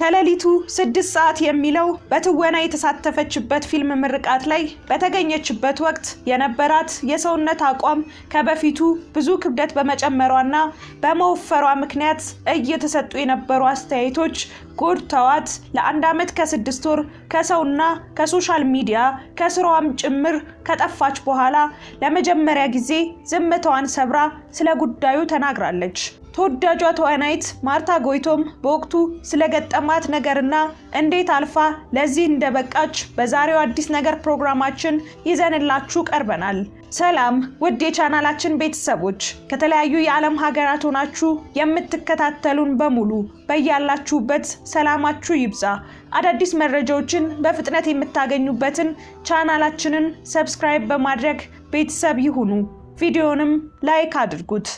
ከሌሊቱ ስድስት ሰዓት የሚለው በትወና የተሳተፈችበት ፊልም ምርቃት ላይ በተገኘችበት ወቅት የነበራት የሰውነት አቋም ከበፊቱ ብዙ ክብደት በመጨመሯና በመወፈሯ ምክንያት እየተሰጡ የነበሩ አስተያየቶች ጎድተዋት ለአንድ ዓመት ከስድስት ወር ከሰውና ከሶሻል ሚዲያ ከስራዋም ጭምር ከጠፋች በኋላ ለመጀመሪያ ጊዜ ዝምታዋን ሰብራ ስለ ጉዳዩ ተናግራለች። ተወዳጇ ተዋናይት ማርታ ጎይቶም በወቅቱ ስለገጠማት ነገርና እንዴት አልፋ ለዚህ እንደበቃች በዛሬው አዲስ ነገር ፕሮግራማችን ይዘንላችሁ ቀርበናል። ሰላም ውድ የቻናላችን ቤተሰቦች ከተለያዩ የዓለም ሀገራት ሆናችሁ የምትከታተሉን በሙሉ በያላችሁበት ሰላማችሁ ይብዛ። አዳዲስ መረጃዎችን በፍጥነት የምታገኙበትን ቻናላችንን ሰብስክራይብ በማድረግ ቤተሰብ ይሁኑ። ቪዲዮንም ላይክ አድርጉት።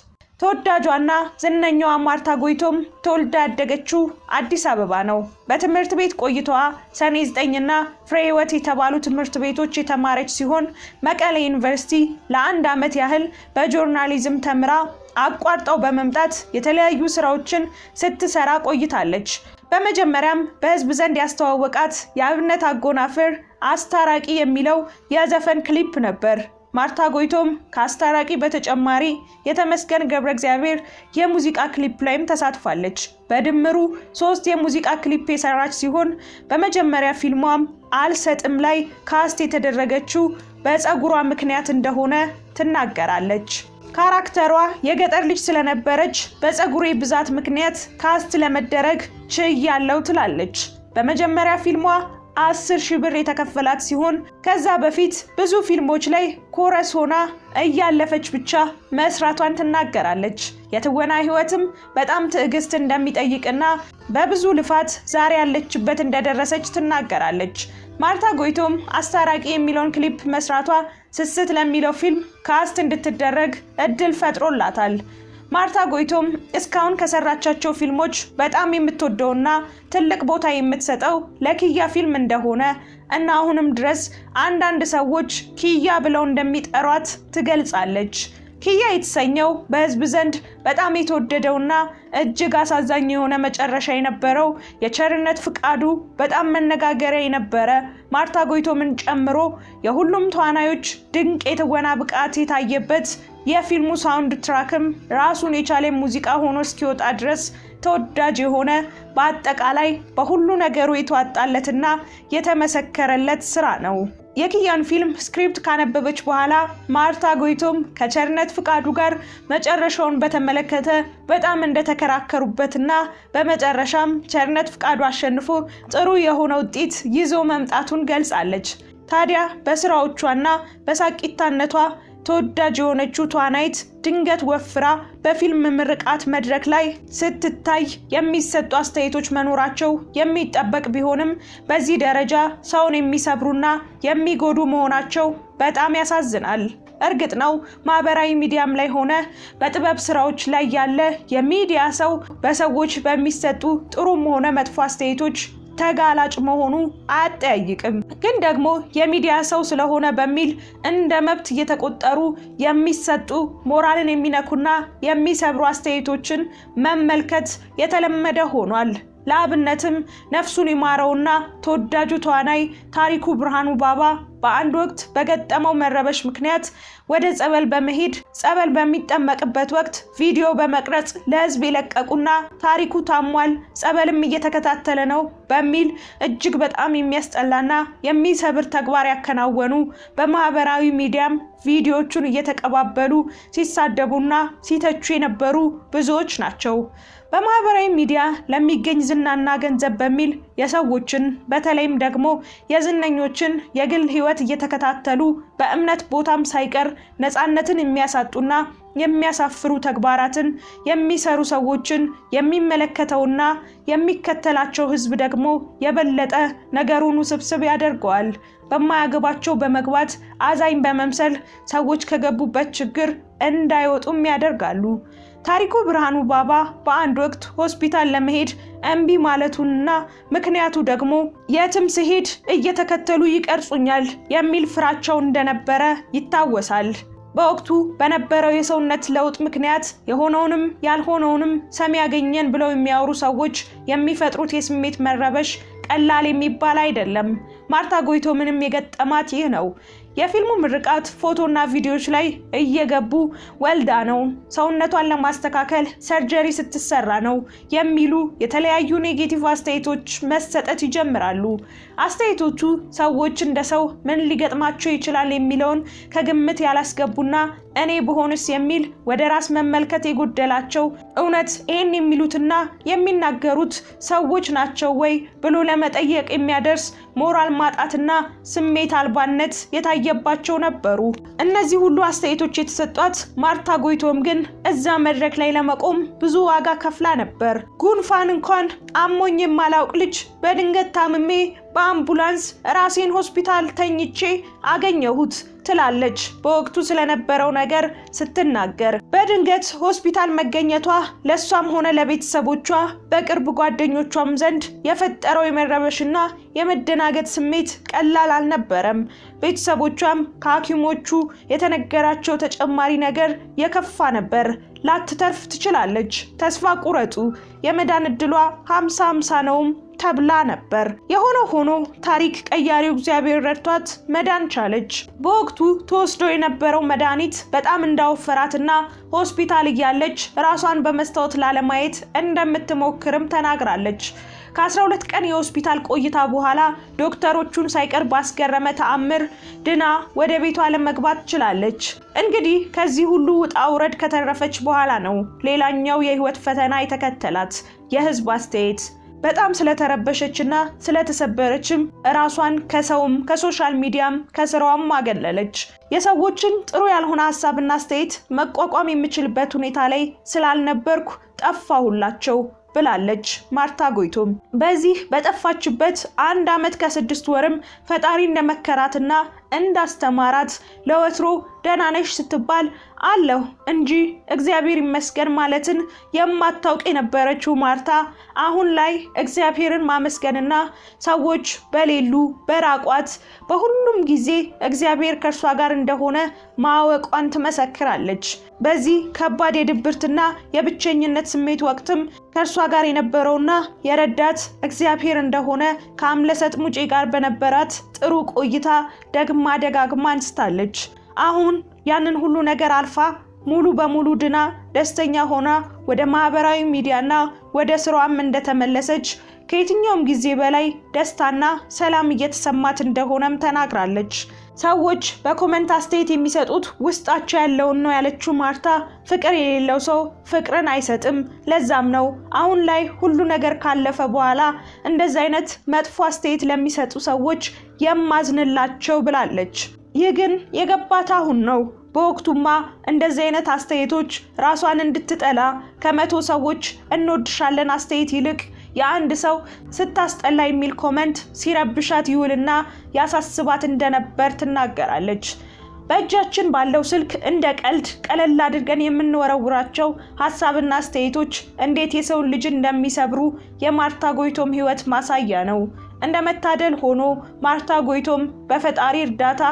ተወዳጇና ዝነኛዋ ማርታ ጎይቶም ተወልዳ ያደገችው አዲስ አበባ ነው። በትምህርት ቤት ቆይታዋ ሰኔ ዘጠኝና ፍሬ ህይወት የተባሉ ትምህርት ቤቶች የተማረች ሲሆን መቀሌ ዩኒቨርሲቲ ለአንድ ዓመት ያህል በጆርናሊዝም ተምራ አቋርጠው በመምጣት የተለያዩ ስራዎችን ስትሰራ ቆይታለች። በመጀመሪያም በህዝብ ዘንድ ያስተዋወቃት የአብነት አጎናፍር አስታራቂ የሚለው የዘፈን ክሊፕ ነበር። ማርታ ጎይቶም ከአስታራቂ በተጨማሪ የተመስገን ገብረ እግዚአብሔር የሙዚቃ ክሊፕ ላይም ተሳትፋለች። በድምሩ ሶስት የሙዚቃ ክሊፕ የሰራች ሲሆን በመጀመሪያ ፊልሟም አልሰጥም ላይ ካስት የተደረገችው በፀጉሯ ምክንያት እንደሆነ ትናገራለች። ካራክተሯ የገጠር ልጅ ስለነበረች በፀጉሬ ብዛት ምክንያት ካስት ለመደረግ ችያለው ትላለች። በመጀመሪያ ፊልሟ አስር ሺህ ብር የተከፈላት ሲሆን ከዛ በፊት ብዙ ፊልሞች ላይ ኮረስ ሆና እያለፈች ብቻ መስራቷን ትናገራለች። የትወና ህይወትም በጣም ትዕግስት እንደሚጠይቅና በብዙ ልፋት ዛሬ ያለችበት እንደደረሰች ትናገራለች። ማርታ ጎይቶም አስታራቂ የሚለውን ክሊፕ መስራቷ ስስት ለሚለው ፊልም ካስት እንድትደረግ እድል ፈጥሮላታል። ማርታ ጎይቶም እስካሁን ከሰራቻቸው ፊልሞች በጣም የምትወደውና ትልቅ ቦታ የምትሰጠው ለኪያ ፊልም እንደሆነ እና አሁንም ድረስ አንዳንድ ሰዎች ኪያ ብለው እንደሚጠሯት ትገልጻለች። ኪያ የተሰኘው በህዝብ ዘንድ በጣም የተወደደውና እጅግ አሳዛኝ የሆነ መጨረሻ የነበረው የቸርነት ፍቃዱ በጣም መነጋገሪያ የነበረ ማርታ ጎይቶምን ጨምሮ የሁሉም ተዋናዮች ድንቅ የትወና ብቃት የታየበት የፊልሙ ሳውንድ ትራክም ራሱን የቻለ ሙዚቃ ሆኖ እስኪወጣ ድረስ ተወዳጅ የሆነ በአጠቃላይ በሁሉ ነገሩ የተዋጣለትና የተመሰከረለት ስራ ነው። የኪያን ፊልም ስክሪፕት ካነበበች በኋላ ማርታ ጎይቶም ከቸርነት ፍቃዱ ጋር መጨረሻውን በተመለከተ በጣም እንደተከራከሩበትና በመጨረሻም ቸርነት ፍቃዱ አሸንፎ ጥሩ የሆነ ውጤት ይዞ መምጣቱን ገልጻለች። ታዲያ በስራዎቿና በሳቂታነቷ ተወዳጅ የሆነችው ተዋናይት ድንገት ወፍራ በፊልም ምርቃት መድረክ ላይ ስትታይ የሚሰጡ አስተያየቶች መኖራቸው የሚጠበቅ ቢሆንም በዚህ ደረጃ ሰውን የሚሰብሩና የሚጎዱ መሆናቸው በጣም ያሳዝናል። እርግጥ ነው ማህበራዊ ሚዲያም ላይ ሆነ በጥበብ ስራዎች ላይ ያለ የሚዲያ ሰው በሰዎች በሚሰጡ ጥሩም ሆነ መጥፎ አስተያየቶች ተጋላጭ መሆኑ አያጠያይቅም። ግን ደግሞ የሚዲያ ሰው ስለሆነ በሚል እንደ መብት እየተቆጠሩ የሚሰጡ ሞራልን የሚነኩና የሚሰብሩ አስተያየቶችን መመልከት የተለመደ ሆኗል። ለአብነትም ነፍሱን ይማረውና ተወዳጁ ተዋናይ ታሪኩ ብርሃኑ ባባ በአንድ ወቅት በገጠመው መረበሽ ምክንያት ወደ ጸበል በመሄድ ጸበል በሚጠመቅበት ወቅት ቪዲዮ በመቅረጽ ለሕዝብ የለቀቁና ታሪኩ ታሟል፣ ጸበልም እየተከታተለ ነው በሚል እጅግ በጣም የሚያስጠላና የሚሰብር ተግባር ያከናወኑ፣ በማህበራዊ ሚዲያም ቪዲዮቹን እየተቀባበሉ ሲሳደቡና ሲተቹ የነበሩ ብዙዎች ናቸው። በማህበራዊ ሚዲያ ለሚገኝ ዝናና ገንዘብ በሚል የሰዎችን በተለይም ደግሞ የዝነኞችን የግል ህይወት እየተከታተሉ በእምነት ቦታም ሳይቀር ነፃነትን የሚያሳጡና የሚያሳፍሩ ተግባራትን የሚሰሩ ሰዎችን የሚመለከተውና የሚከተላቸው ህዝብ ደግሞ የበለጠ ነገሩን ውስብስብ ያደርገዋል። በማያገባቸው በመግባት አዛኝ በመምሰል ሰዎች ከገቡበት ችግር እንዳይወጡም ያደርጋሉ። ታሪኩ ብርሃኑ ባባ በአንድ ወቅት ሆስፒታል ለመሄድ እምቢ ማለቱንና ምክንያቱ ደግሞ የትም ስሄድ እየተከተሉ ይቀርጹኛል የሚል ፍራቸው እንደነበረ ይታወሳል። በወቅቱ በነበረው የሰውነት ለውጥ ምክንያት የሆነውንም ያልሆነውንም ሰሚ ያገኘን ብለው የሚያወሩ ሰዎች የሚፈጥሩት የስሜት መረበሽ ቀላል የሚባል አይደለም። ማርታ ጎይቶ ምንም የገጠማት ይህ ነው። የፊልሙ ምርቃት ፎቶና ቪዲዮዎች ላይ እየገቡ ወልዳ ነው፣ ሰውነቷን ለማስተካከል ሰርጀሪ ስትሰራ ነው የሚሉ የተለያዩ ኔጌቲቭ አስተያየቶች መሰጠት ይጀምራሉ። አስተያየቶቹ ሰዎች እንደ ሰው ምን ሊገጥማቸው ይችላል የሚለውን ከግምት ያላስገቡና እኔ በሆንስ የሚል ወደ ራስ መመልከት የጎደላቸው እውነት ይህን የሚሉትና የሚናገሩት ሰዎች ናቸው ወይ ብሎ ለመጠየቅ የሚያደርስ ሞራል ማጣትና ስሜት አልባነት የታየባቸው ነበሩ። እነዚህ ሁሉ አስተያየቶች የተሰጧት ማርታ ጎይቶም ግን እዛ መድረክ ላይ ለመቆም ብዙ ዋጋ ከፍላ ነበር። ጉንፋን እንኳን አሞኝ የማላውቅ ልጅ በድንገት ታምሜ በአምቡላንስ ራሴን ሆስፒታል ተኝቼ አገኘሁት ትላለች በወቅቱ ስለነበረው ነገር ስትናገር። በድንገት ሆስፒታል መገኘቷ ለእሷም ሆነ ለቤተሰቦቿ በቅርብ ጓደኞቿም ዘንድ የፈጠረው የመረበሽና የመደናገጥ ስሜት ቀላል አልነበረም። ቤተሰቦቿም ከሐኪሞቹ የተነገራቸው ተጨማሪ ነገር የከፋ ነበር። ላትተርፍ ትችላለች፣ ተስፋ ቁረጡ፣ የመዳን እድሏ ሀምሳ ሀምሳ ነውም ተብላ ነበር። የሆነ ሆኖ ታሪክ ቀያሪው እግዚአብሔር ረድቷት መዳን ቻለች። በወቅቱ ተወስዶ የነበረው መድኃኒት በጣም እንዳወፈራትና ሆስፒታል እያለች ራሷን በመስታወት ላለማየት እንደምትሞክርም ተናግራለች። ከ12 ቀን የሆስፒታል ቆይታ በኋላ ዶክተሮቹን ሳይቀር ባስገረመ ተአምር ድና ወደ ቤቷ ለመግባት ችላለች። እንግዲህ ከዚህ ሁሉ ውጣ ውረድ ከተረፈች በኋላ ነው ሌላኛው የህይወት ፈተና የተከተላት የህዝብ አስተያየት። በጣም ስለተረበሸችና ስለተሰበረችም እራሷን ከሰውም ከሶሻል ሚዲያም ከስራዋም አገለለች። የሰዎችን ጥሩ ያልሆነ ሀሳብና አስተያየት መቋቋም የምችልበት ሁኔታ ላይ ስላልነበርኩ ጠፋሁላቸው ብላለች። ማርታ ጎይቶም በዚህ በጠፋችበት አንድ ዓመት ከስድስት ወርም ፈጣሪ እንደመከራትና እንዳስተማራት ለወትሮ ደህና ነሽ ስትባል አለሁ እንጂ እግዚአብሔር ይመስገን ማለትን የማታውቅ የነበረችው ማርታ አሁን ላይ እግዚአብሔርን ማመስገንና ሰዎች በሌሉ በራቋት በሁሉም ጊዜ እግዚአብሔር ከእርሷ ጋር እንደሆነ ማወቋን ትመሰክራለች። በዚህ ከባድ የድብርትና የብቸኝነት ስሜት ወቅትም ከእርሷ ጋር የነበረውና የረዳት እግዚአብሔር እንደሆነ ከአምለሰት ሙጬ ጋር በነበራት ጥሩ ቆይታ ደግሞ ደግማ ደጋግማ አንስታለች። አሁን ያንን ሁሉ ነገር አልፋ ሙሉ በሙሉ ድና ደስተኛ ሆና ወደ ማህበራዊ ሚዲያና ወደ ስራዋም እንደተመለሰች ከየትኛውም ጊዜ በላይ ደስታና ሰላም እየተሰማት እንደሆነም ተናግራለች። ሰዎች በኮመንት አስተያየት የሚሰጡት ውስጣቸው ያለውን ነው ያለችው ማርታ ፍቅር የሌለው ሰው ፍቅርን አይሰጥም። ለዛም ነው አሁን ላይ ሁሉ ነገር ካለፈ በኋላ እንደዚህ አይነት መጥፎ አስተያየት ለሚሰጡ ሰዎች የማዝንላቸው ብላለች። ይህ ግን የገባት አሁን ነው። በወቅቱማ እንደዚህ አይነት አስተያየቶች ራሷን እንድትጠላ ከመቶ ሰዎች እንወድሻለን አስተያየት ይልቅ የአንድ ሰው ስታስጠላ የሚል ኮመንት ሲረብሻት ይውልና ያሳስባት እንደነበር ትናገራለች። በእጃችን ባለው ስልክ እንደ ቀልድ ቀለል አድርገን የምንወረውራቸው ሀሳብና አስተያየቶች እንዴት የሰውን ልጅ እንደሚሰብሩ የማርታ ጎይቶም ህይወት ማሳያ ነው። እንደ መታደል ሆኖ ማርታ ጎይቶም በፈጣሪ እርዳታ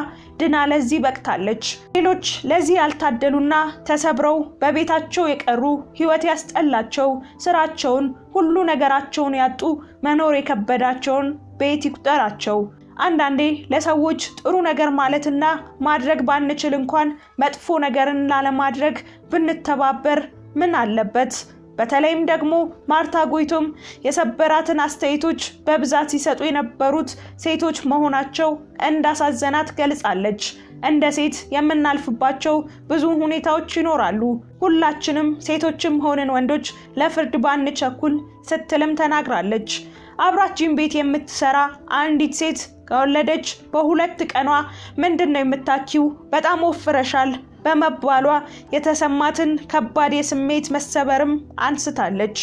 ድና ለዚህ በቅታለች። ሌሎች ለዚህ ያልታደሉና ተሰብረው በቤታቸው የቀሩ ህይወት ያስጠላቸው፣ ስራቸውን ሁሉ ነገራቸውን ያጡ፣ መኖር የከበዳቸውን ቤት ይቁጠራቸው? አንዳንዴ ለሰዎች ጥሩ ነገር ማለትና ማድረግ ባንችል እንኳን መጥፎ ነገርን ላለማድረግ ብንተባበር ምን አለበት? በተለይም ደግሞ ማርታ ጎይቶም የሰበራትን አስተያየቶች በብዛት ሲሰጡ የነበሩት ሴቶች መሆናቸው እንዳሳዘናት ገልጻለች። እንደ ሴት የምናልፍባቸው ብዙ ሁኔታዎች ይኖራሉ። ሁላችንም ሴቶችም ሆንን ወንዶች ለፍርድ ባንቸኩል ስትልም ተናግራለች። አብራችን ቤት የምትሰራ አንዲት ሴት ከወለደች በሁለት ቀኗ ምንድን ነው የምታኪው? በጣም ወፍረሻል በመባሏ የተሰማትን ከባድ የስሜት መሰበርም አንስታለች።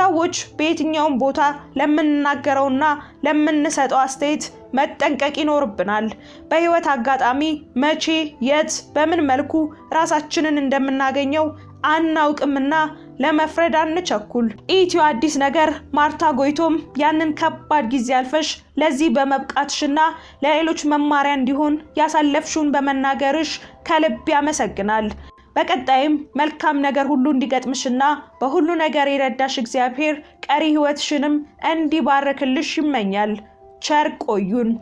ሰዎች በየትኛውም ቦታ ለምንናገረውና ለምንሰጠው አስተያየት መጠንቀቅ ይኖርብናል። በህይወት አጋጣሚ መቼ፣ የት፣ በምን መልኩ ራሳችንን እንደምናገኘው አናውቅምና ለመፍረድ አንቸኩል። ኢትዮ አዲስ ነገር ማርታ ጎይቶም ያንን ከባድ ጊዜ አልፈሽ ለዚህ በመብቃትሽና ለሌሎች መማሪያ እንዲሆን ያሳለፍሽውን በመናገርሽ ከልብ ያመሰግናል። በቀጣይም መልካም ነገር ሁሉ እንዲገጥምሽና በሁሉ ነገር የረዳሽ እግዚአብሔር ቀሪ ሕይወትሽንም እንዲባርክልሽ ይመኛል። ቸር ቆዩን።